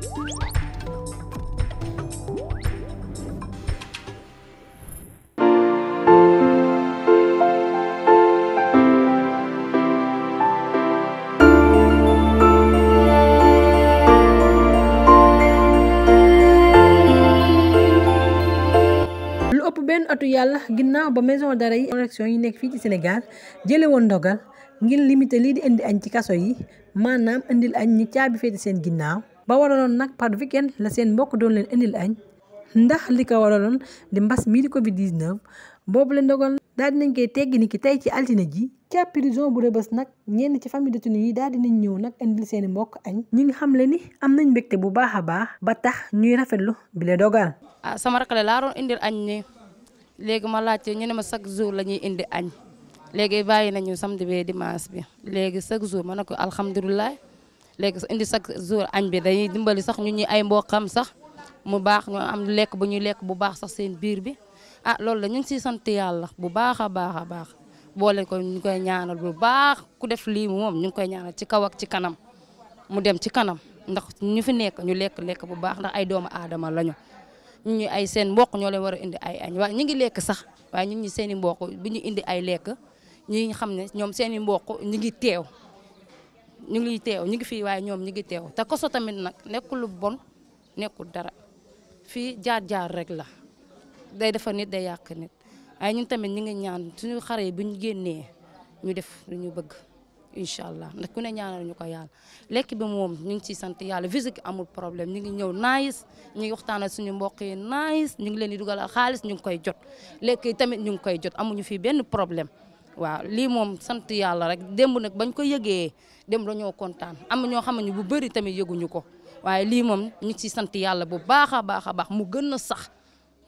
lu benn atu yàlla ginnaaw ba maison d'arrêt yi correction yi nekk fii ci senegal jële woon ndogal ngir limite lii di indi añ ci kaso yi maanaam indil añ ñi caabi féete seen ginnaaw ba waraloon nag par weekend la seen mbokk doon leen indil añ ndax li ko waraloon di mbas mii di Covid 19 boobu la ndogal daal dinañ koy teggi ni ki tey ci altine ji ca prison bu rëbës nag ñenn ci famille détenu yi daal dinañ ñëw nag indil seeni mbokk añ ñi nga xam le ni am nañ mbégte bu baax a baax ba tax ñuy rafetlu bi la dogal ah sama rakale laa doon indil añ ni léegi ma laajte ñu ne ma chaque jour la ñuy indi añ léegi bàyyi nañu samedi bi dimanche bi léegi chaque jour ma ne ko alhamdulilah léegi indi chaque jour añ bi dañuy dimbali sax ñu ñuy ay mboqam sax mu baax ñu am lekk bu ñuy lekk bu baax sax seen biir bi ah loolu la ñu ngi siy sant yàlla bu baax a baax a baax boole ko ñu koy ñaanal bu baax ku def lii moom ñu ngi koy ñaanal ci kaw ak ci kanam mu dem ci kanam ndax ñu fi nekk ñu lekk lekk bu baax ndax ay doomu aadama lañu ñu ñu ay seen mbokk ñoo leen war a indi ay añ waaye ñu ngi lekk sax waaye ñun ñi seen i mbokk bu ñu indi ay lekk ñi xam ne ñoom seeni i mbokk ñu ngi teew ñu ngi teew ñu ngi fii waaye ñoom ñu ngi teew te koso tamit nag nekkul bon nekkul dara fii jaar-jaar rek la day defar nit day yàq nit waaye ñun tamit ñu ngi ñaan suñu xare yi bu ñu génnee ñu def lu ñu bëgg incha allah ndax ku ne ñaanal ñu ko yàlla lekk bi moom ñu ngi ciy sant yàlla visite amul problème ñu ngi ñëw nice ñu ngi waxtaan ak suñu mbokk yi nice ñu ngi leen di dugalal xaalis ñu ngi koy jot lekk yi tamit ñu ngi koy jot amuñu fii benn problème waaw lii moom sant yàlla rek démb nag bañ ko yëgee démb dañoo kontaan am na ñoo xam ne bu bëri tamit yëguñu ko waaye lii moom ñu ci sant yàlla bu baax a baax a baax mu gën a sax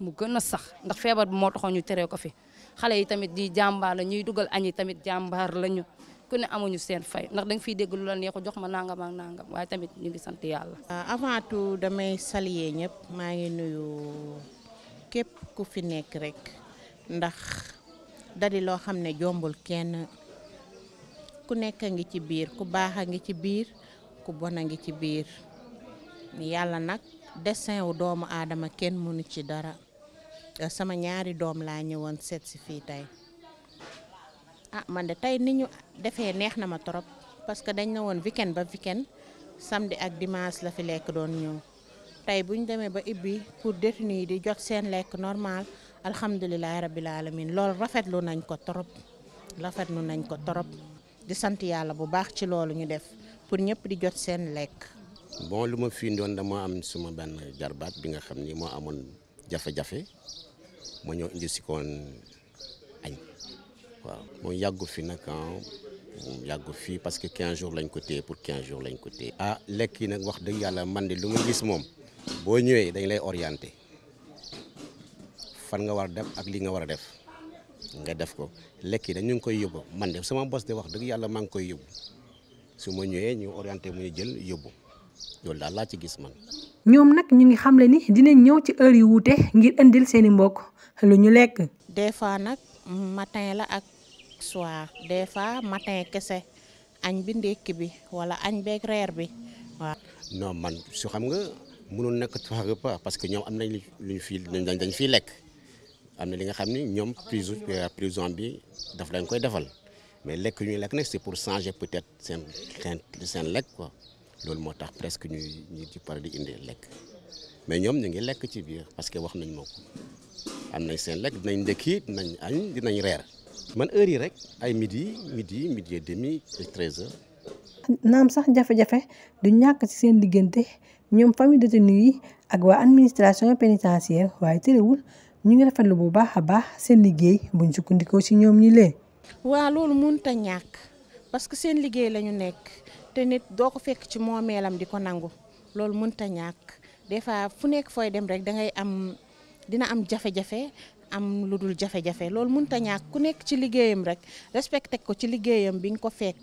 mu gën a sax ndax feebar bi moo taxoon ñu teree ko fi xale yi tamit di jàmbaar la ñuy dugal añi tamit jàmbaar lañu ku ne amuñu seen fay ndax danga fiy dégg lu la ko jox ma nangam ak nangam waaye tamit ñu ngi sant yàlla. Euh, avant tout damay saluer ñëpp maa ngi nuyu képp ku fi nekk rek ndax. dadi loo xam ne jombul kenn ku nekk a ngi ci biir ku baax a ngi ci biir ku bon a ngi ci biir yàlla nag destin wu doomu aadama kenn mënu ci dara euh, sama ñaari doom laa ñëwoon seet si fii tey ah man de tey ni ñu defee neex na ma trop parce que dañ na woon weekend ba weekend samedi ak dimanche la fi lekk doon ñëw tey bu demee ba ibbi pour détenu yi di jot seen lekk normal alhamdulilahi rabil alamin loolu rafetlu nañ ko torop rafetlu nañ ko torop di yàlla bu baax ci loolu ñu def pour ñëpp di jot seen lekk. bon lu ma fii doon dama am suma benn jarbaat bi nga xam ni moo amoon jafe-jafe ma ñëw indi si koon añ waaw moom yàggu fii nag ah, moom yàggu fii parce que 15 jours lañ ko téye pour 15 jours lañ ko téye. ah lekk yi nag wax dëgg yàlla man di lu ma gis moom boo ñëwee dañ lay orienté. fan nga war a dem ak li nga war a def nga def ko lekki yi dañu ngi koy yóbbu man def sama bos de wax dëgg yàlla maa ngi koy yóbbu su ma ñëwee ñu orienté mu ñu jël yóbbu loolu daal laa ci gis man. ñoom nag ñu ngi xam xamle ni dinañ ñëw ci heure yu wute ngir indil seen mbokk lu ñu lekk. des fois nag matin la ak soir des fois matin kese añ bi ndékki bi wala añ beeg reer bi waaw. non man su xam nga mënoon nekk trois repas parce que ñoom am nañ lu ñu fii dañ dañ fiy lekk. am na li nga xam ni ñoom prison euh, prison bi daf lañ koy defal mais lekk ñuy lekk nag c'est pour changer peut-être seen seen lekk ko loolu moo tax presque ñuy ñi ci pare di indi lekk mais ñoom ñu ngi lekk ci biir parce que wax nañ moo ko am nañ seen lekk dinañ ndekki dinañ añ dinañ reer man heure yi rek ay midi midi midi et demi et treize heures naam sax jafe-jafe du ñàkk ci seen diggante ñoom famille détenu yi ak waa administration pénitentiaire waaye terewul ñu ngi rafetlu bu baax a baax seen liggéey bu buñ sukkandikoo ci ñoom ñi lee waa loolu mun ta ñàkk parce que seen liggéey la ñu nekk te nit doo ko fekk ci moomeelam di ko nangu loolu mënut a ñàkk des fois fu nekk fooy dem rek da ngay am dina am jafe-jafe am lu dul jafe-jafe loolu mënut a ñàkk ku nekk ci liggéeyam rek respecté ko ci liggéeyam bi nga ko fekk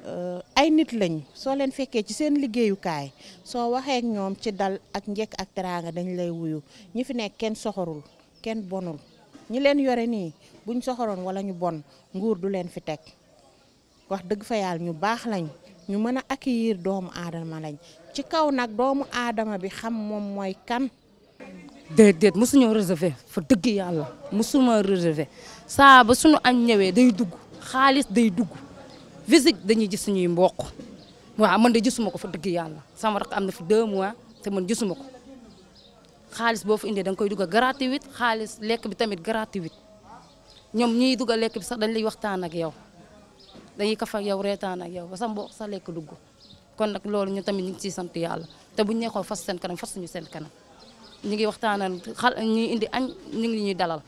Euh, ay nit lañ soo leen fekkee ci seen liggéeyukaay soo waxee ñoom ci dal ak njekk ak teraanga dañ lay wuyu ñi fi nekk kenn soxorul kenn bonul ñi leen yore nii buñ soxoroon wala ñu bon nguur du leen fi teg wax dëgg fa yàlla ñu baax lañ ñu mën a accueillir doomu aadama lañ ci kaw nag doomu aadama bi xam moom mooy kan. déedéet mosuñoo réservé fa dëgg yàlla mosuma réservé saa ba suñu añ ñëwee day dugg xaalis day dugg. visite dañuy gis suñuy mboq waa man de gisuma ko fa dëgg yàlla sama rakk am na fi deux mois te man gisuma ko xaalis boo fa indee da nga koy dugal gratuit xaalis lekk bi tamit gratuit ñoom ñiy dugal lekk bi sax dañ lay waxtaan ak yow dañuy kaf ak yow reetaan ak yow ba sa mboq sa lekk dugg kon nag loolu ñu tamit ñu ngi ciy sant yàlla te bu ñu fas sent kanam fas suñu seen kanam ñu ngi waxtaan xal indi añ ñu ngi ñuy dalal.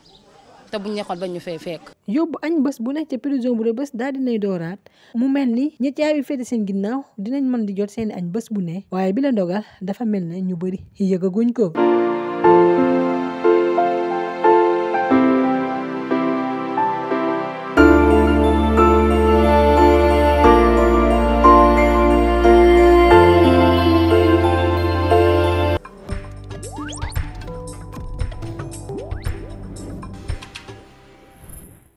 te buñ ñaxoon bañ ñu fee fekk. yóbbu añ bés bu nekk ca prison bu bës daal dinay dooraat mu mel ni ñi caabi féete seen ginnaaw dinañ mën di jot seeni añ bës bu ne waaye bi la ndogal dafa mel ne ñu bëri yëgaguñ ko.